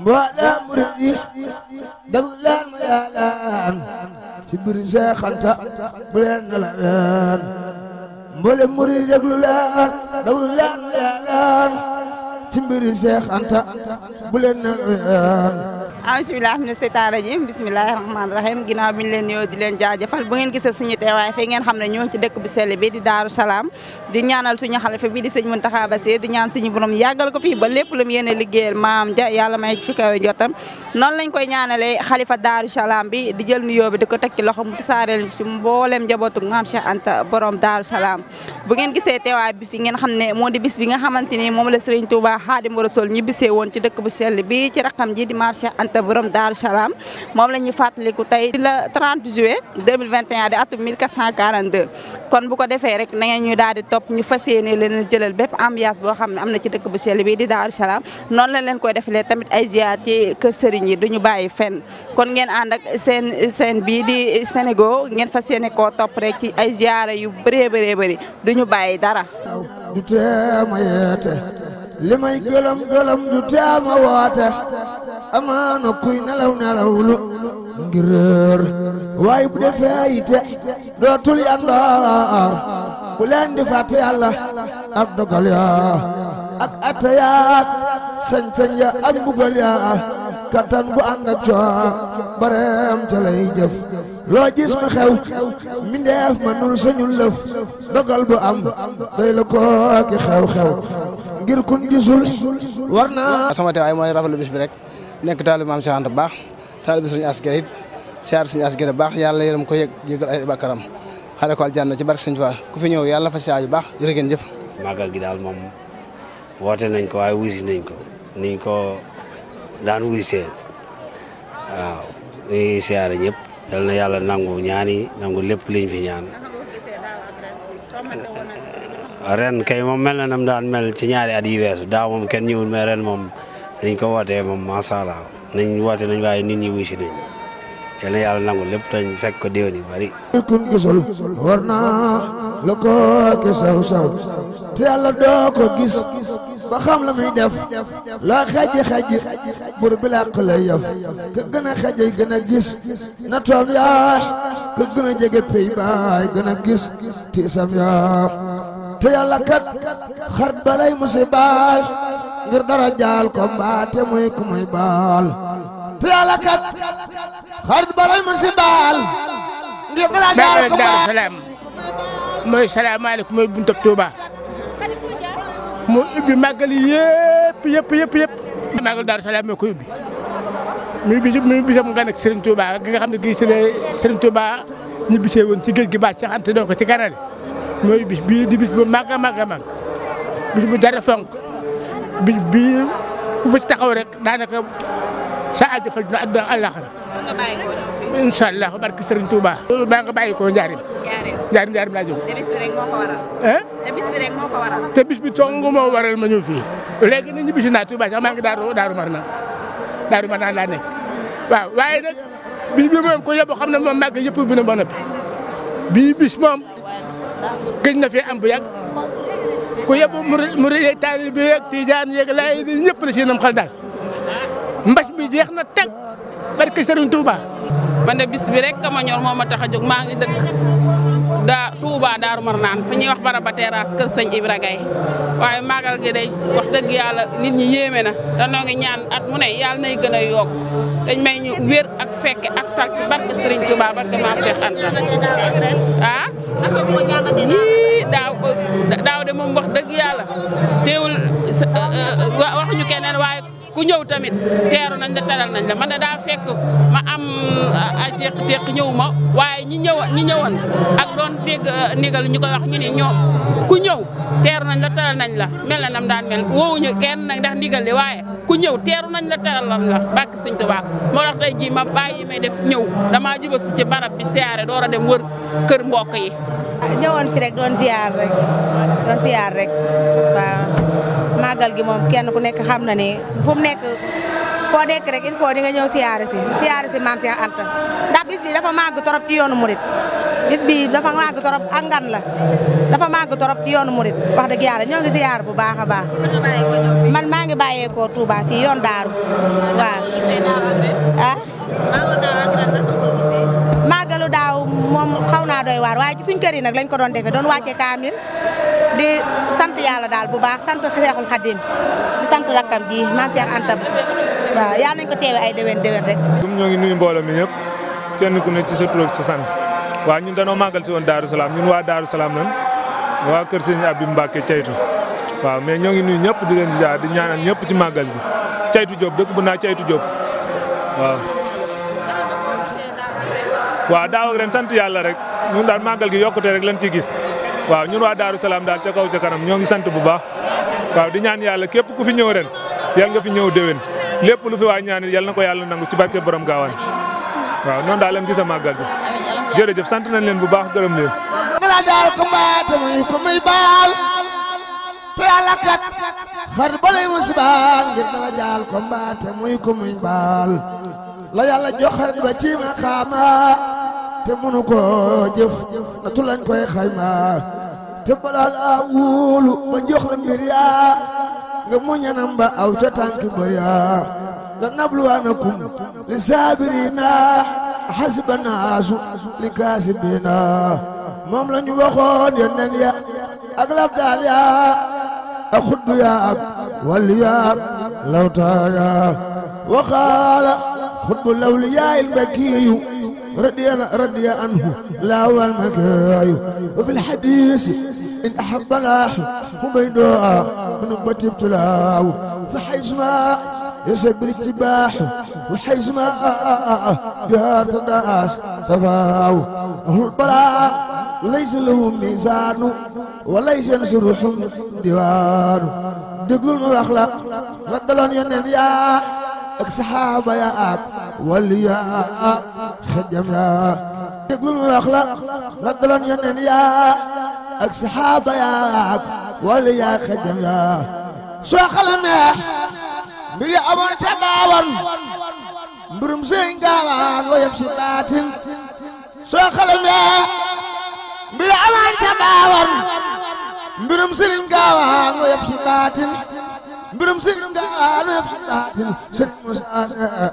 mboolem murid yi déglu leen ma yaalaan ci biir Seex Anta bu leen nelaween mboolem murid yi déglu leen déglu leen ma yaalaan ci biir Seex Anta bu leen nelaween Ah, bisimilah mina seytaan rajim bisimilahi rahmaani rahim ginnaaw bi ñu leen nuyoo di leen jaajëfal bu ngeen gisee suñu teewaay fii ngeen xam ne ñoo ñaan suñu borom yàggal ko fii ba lépp lu mu yéene liggéeyal maam ja yàlla may fi kawe jotam noonu lañ koy ñaanalee xalifa daaru salaam bi ngeen ne moo di bis bi nga xamante ni moom la ci dëkk bu sell bi ci raqam ji di maam Anta cité borom Daaru Salaam moom la ñuy fàttaliku tey le 30 juillet 2021 di atum 1442 kon bu ko defee rek na ngeen ñu daal top topp ñu fas yéene leen jëlal bépp ambiance boo xam ne am na ci dëkk bu sell bi di Daaru Salaam leen koy defalee tamit ay ziar bàyyi fenn kon ngeen ànd seen seen bii di Sénégal ngeen fas yéene koo topp ci ay ziar yu bëree bëree bëri duñu bàyyi dara du li may gëlëm gëlëm du teema woote amaana kuy nelaw nelawlu ngir réer waaye bu defee yite dootul yandoor bu leen di fàtte yàlla ak dogal yaa ak atta yaa sañ-sañ ya ak mbugal yaa kattan bu ànd ak coono bareem ca lay jëf loo gis ma xew mindeef manul sañul lëf dogal bu am day la kooki xew-xew ngir kun gisul war naa sama teewaay mooy rafetlu bis bi rek nekk taalibe maam Cheikh Anta baax taalibe suñu askere it siyaar suñu askere baax yàlla yërëm ko yëg yëgal ay bakkaram xare ko aljanna ci barke sëñ Tuubaa ku fi ñëw yàlla fa saaju baax jërë ngeen jëf màggal gi daal moom woote nañ ko waaye wuusi nañ ko niñ ko daan wuusee waaw ñuy siyaare ñëpp yal na yàlla nangu ñaan yi nangu lépp liñ fi ñaan ren kay moom mel na nam daan mel ci ñaari at yi daaw moom kenn ñëwul me ren moom nañ ko wootee moom macha allah nañ woote nañ waaye nit ñi wuy si nañ yal na yàlla nangu lépp tañ fekk ko déwén yu bari. kun gisul war naa la ko ke saw saw te yàlla doo ko gis ba xam la muy def loo xaji xaji bur bi lay yaf ka gën a xaji a gis na toom yaay ka gën a jege pey baay gën a gis tiisam yaa te yàlla kat xar balay musibaay ngir dara jaal ko mbaate muy ku baal te yàlla kat xarit si baal ngir dara jaal ko mbaal salaam mooy salaamaaleykum mooy buntu Tuuba mu ubbi màggal yëpp yëpp yëpp yëpp màggal Daaru Salaam moo ko ubbi muy bi muy bisam nga nekk gi nga xam ne gii si la Serigne Touba ñu bisee woon ci géej gi baax ci xante doo ko ci ganale mooy bis bii di bis bu màgg a màgg a màgg dara fonk bi bi ku fa ci taxaw rek daanaka sa aju faj na àdduna àllaaxira. incha allah barke Serigne Touba. maa nga bàyyi ko Njaarim. Njaarim eh? bi rek moo ko waral. te bis bi rek moo ma ñëw fii léegi nit ñi bisi naa sax maa ngi daaru daaru mar naan daaru mar waaye nag bis bi moom ko yóbbu xam ne moom màgg yëpp bi na ba noppi bii bis moom gëj na fee am bu ku yëpp murid murid yeeg taalibe yeeg tijaan yeeg laay yi ñëpp la daal mbas mi jeex na tag barke Serigne Touba. man de bis bi rek kama ñor moo ma tax a jog maa ngi dëkk daa Touba Daaru Marnaan fu ñuy wax baraba terrasse kër sëñ Ibra Gaye waaye màggal gi day wax dëgg yàlla nit ñi yéeme na te noo ngi ñaan at mu ne yàlla nay gën a yok dañ may ñu wér ak fekke ak tal ci barke Serigne Touba barke maam Cheikh Anta ah. yii daaw daaw de moom wax dëgg yàlla teewul euh, euh, waxuñu keneen waaye. ku ñëw tamit teeru nañ la teral nañ da fekk ma am ay teq-teq ñëw waaye ñi ñëw ñi ñëwoon ak doon dégg euh, ndigal ñu koy wax ñu ne ñoom ku ñëw teeru nañ la teral nañ la mel na nam daan mel woowuñu kenn nag ndax ndigal li waaye ku ñëw teeru nañ la teral nañ la bàkk sëñ Tuubaa moo tax tey jii ma bàyyi may def ñëw damaa jubal si ci barab bi siyaare door a dem wër kër mbokk yi ñëwoon fi rek doon siyaar rek doon màggal gi moom kenn ku nekk xam na ne fu mu nekk foo nekk rek il faut di nga ñëw si siyaare si maam Cheikh Anta ndax bis bi dafa màgg torop ci yoonu murit bis bi dafa màgg torop ak la dafa màgg torop ci yoonu murit wax dëgg yàlla ñoo ngi siyaar bu baax a baax man maa ngi bàyyeekoo Touba fii yoon daaru waaw ah màggalu daaw moom xaw naa doy waar waaye ci suñ kër yi nag lañ ko doon defee doon wàccee kaamil di sant yàlla daal bu baax sant Seexul Xadim di sant rakkam ji maam Seex Anta waaw yal nañ ko teewe ay déwén déwén rek. ñoom ñoo ngi nuyu mbooloo mi ñëpp kenn ku ne ci sa tur ak sant waaw ñun danoo màggal si woon Daaru Salaam ñun waa Daaru Salaam lan waa Kër Sëñ Abdi Mbacke caytu waaw mais ñoo ngi nuyu ñëpp di leen saa di ñaanal ñëpp ci màggal bi caytu Diop dëkk bu naa caytu Diop waaw. waaw daaw sant yàlla rek ñun daal màggal gi yokkute rek lañ ciy gis. waaw ñun waa Daaru daal ca kaw ca kanam ñoo ngi sant bu baax waaw di ñaan yàlla képp ku fi ñëw ren yal nga fi ñëw déwén lépp lu fi waay ñaan yal na ko yàlla nangu ci barke borom gaawaan waaw noonu daal leen gis a màggal bi jërëjëf sant nañ leen bu baax gërëm leen. la daal ko mbaate muy ko baal te yàlla kat far ba lay musibaal ngir dara jaal ko mbaate muy ko baal la yàlla joxar ba ci ma te mënu ko jëf na tu lañ koy xayma te balaa laa wóolu ba la mbir yaa nga muñanam ba aw ca tànki mbër yaa la nabluwaanakum li saabiriina xasiba naasu li kaasibiina moom la ñu waxoon yonent ya ak labdaal ya ak xuddu ya ak wàllu ya ak lawtaar waxaala xudbu lawli yaayil mbakiyu رضي رضي عنه لا والمكاي وفي الحديث إن أحب الله ومن دعاء من بتبت له فحيث ما يسب الاستباح وحيث ما جار تداس صفاو أهل البلاء ليس له ميزان وليس ينصر حمد ديوان دقل مراخلا ردلون ينبيا ak saxaaba ya ak waliya xajam ya déggul mu wax la la daloon yoneen ya ak saxaaba ya ak waliya xajam ya soo xalamee mbir yi amoon ca baawan mbirum sëñ gaawaan woyof si baatin soo xalamee mbir yi amoon ca baawan mbirum sëñ gaawaan woyof si baatin mbirum sëriñ gaawaan yëf ci baatin sëriñ Musaa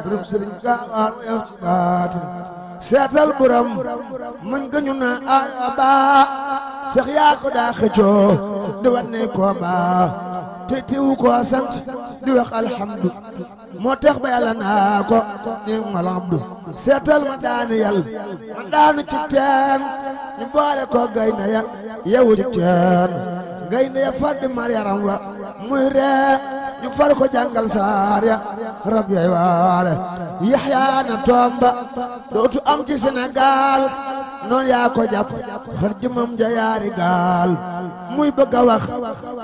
mbirum sëriñ gaawaan yëf ci baatin seetal borom mën nga ñu na aaya ba seex yaa ko daa xëccoo di wan ne koo baax te teewu koo sant di wax alhamdu moo tax ba yàlla naa ko ni alhamdu seetal ma teen ñu boole ko gaynde ya yewu ci teen gaynde ya fàdd mar yaram wa muy ree ñu far ko jàngal saar ya rab yay waare yaxyaa na tomba dootu am ci Sénégal noonu yaa ko jàpp xar jëmam ja yaari gaal muy bëgg a wax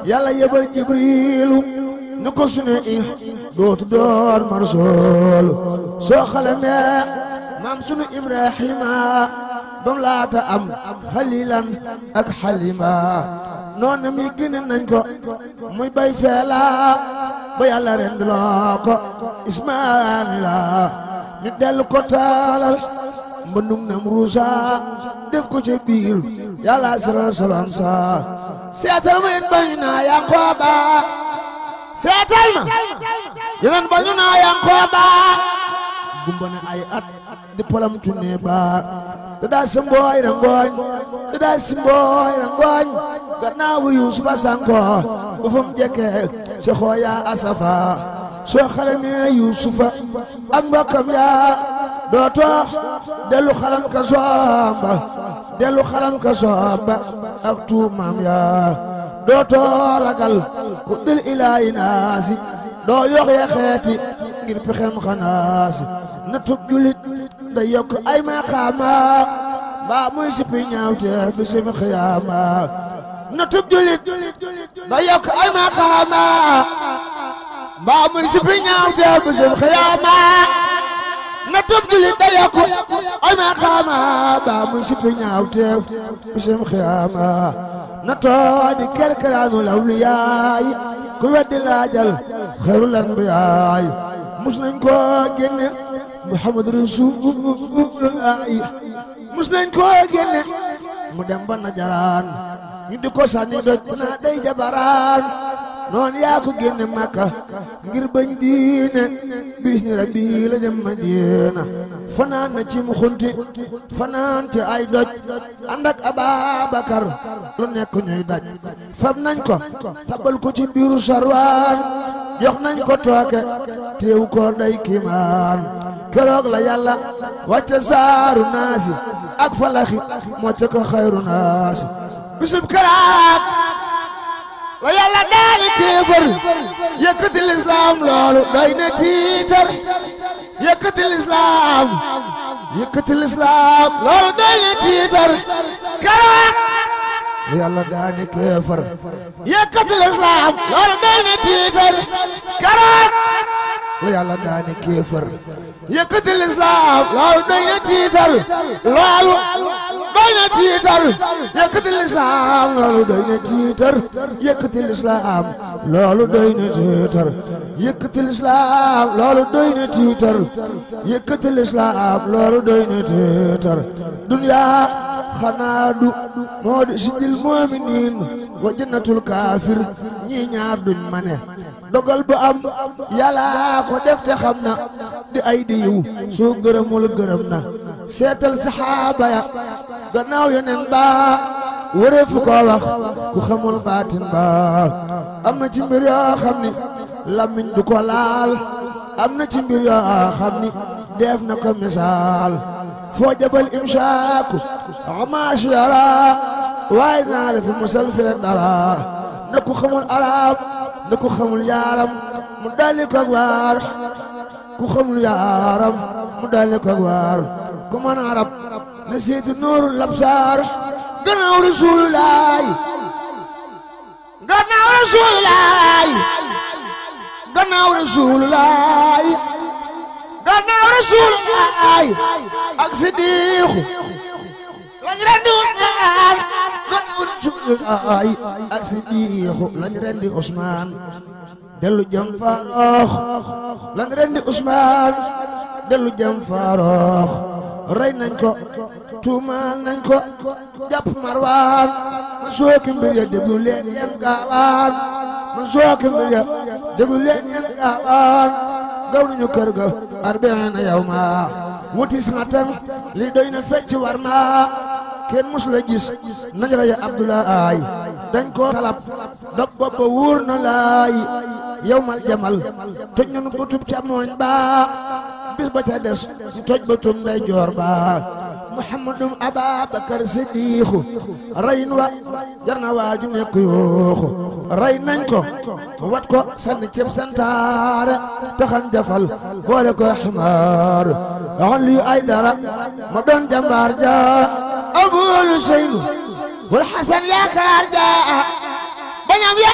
yàlla yëbal jibriilu ni ko sune i dootu doon marsool soo xalamee maam sunu ibrahima bam laata am xalilan ak xalima noona mi gën nañ ko muy bay feela ba yàlla rendiloo ko ismaila ñu dellu ko taalal mbëndum nam ruusa def ko ca biir yàlla saral salam sa seetal ma yéen bañu naa yankooba seetal ma yeneen bañu naa yankooba gumba na ay at di polam tunne ba da daa si mbooy rangooñ da daa si mbooy rangooñ gannaawu yuusufa sanko ufum jekke si xooya asafa soo xalamee yuusufa ak mbokkam yaa dootoo dellu xalam soomba dellu xalam soomba ak tuumaam yaa dootoo ragal ku dil ilaayi naasi doo yoxee xeeti ngir pexem xanaasi na tub julit da yokk ay ma xaama mbaa muy sipi ñaawte bi simi xiyaama nu tub julit ba yokk ay maqaama mbaa muy sipi ñaaw te bu sul xiyaama na tub julit da yokk ay maqaama mbaa muy sipi ñaaw te bu sul xiyaama na tooni kerkeraanu lawliyaay ku weddi laajal xayrul anbiyaay mus nañ ko génne Muhammad Rasulullah mus nañ ko génne mu dem ba najaraan ñu di ko sànni doj ku naa day jabaraan noon yaa ko makka ngir bañ diine bis ni rabi la dem Madina fanaan na ci mu xunti fanaan ci ay doj ànd ak lu nekk ñuy daj fab nañ ko tabal ko ci biiru sarwaan jox nañ ko tooke teew ko day kimaan keroog la yàlla wàcce saaru naasi ak falaxi moo ca ko xayru naasi bisub karaat la yàlla daali kéefër yëkkati lislaam loolu doy na doy na tiitar karaat la yàlla daali kéefër yëkkati lislaam loolu doy na tiitar karaat la yàlla daali kéefër yëkkati lislaam loolu doy na tiitar loolu doy na tiitar yëkkati lislaam loolu doy na tiitar yëkkati lislaam loolu doy na tiitar yëkkati lislaam loolu doy na tiitar yëkkati xanaa du moo di sijil mu'miniin wa jannatul kaafir ñii ñaar duñ mane dogal bu am yàlla ko def xam na di ay di yiw soo gërëmul gërëm na seetal saxaaba ya gannaaw yeneen ba wëree fu ku xamul baatin ba am na ci mbir yoo xam ni làmmiñ du ko laal am na ci yoo xam ni def na ko misaal foo jabal imsaaku amaas yara waaye naa la fi musal fee na ku xamul arab na ku xamul yaaram mu dalli ko waar ku xamul yaaram mu dalli ko waar ku mën arab na seeti nuurul absaar gannaaw rasuulullaay gannaaw rasuulullaay gannaaw rasuulullaay gannaaw rasuulullaay ak siddiixu lañ rendi usmaan gannaaw rasuulullaay ak siddiixu lañ rendi usmaan dellu jëm faaroox lañ rendi usmaan dellu jëm faaroox rey nañ ko tuumaal nañ ko jàpp marwaan ma sooki mbir ya déglu leen yéen gaawaan ma sooki mbir ya déglu leen yéen gaawaan gaw nañu kër ga arba'iina yawma wuti sanatan li doy na fecc war ma kenn mus la gis nañ rey Abdoulaye dañ ko talab dog bopp ba na laay yawmal jamal toj nañu gutub càmmooñ ba bis ba ca des mu toj batum nday joor ba muhammadum ababakar siddiixu rayin wa jar na waaju nekk yooxu ray nañ ko wat ko sanni cib santaare taxan jafal boole ko ximaar axon liyu ay dara ma doon jambaar ja abul seynu wal xasan yaakaar ja bañam ya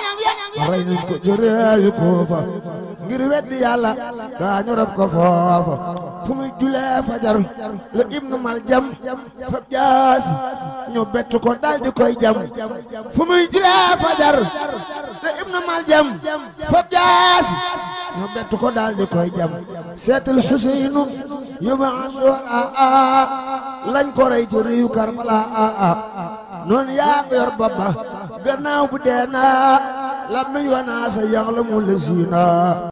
ray nañ ko jëraayu koofa ngir weddi yàlla daañu rab ko foofa fu muy julee fajar la ibnu mal jam fa jaasi ko dal di koy jam fu muy fajar la ibnu mal jam fa jaasi ko dal koy jam seetal xuseynu yóbbu ansuur aa ah, ah, lañ ko rey ci réew Karbala aa ah, noonu yaa yor baba gannaaw bu dee naa la meñ wa naa sa yaxlamu la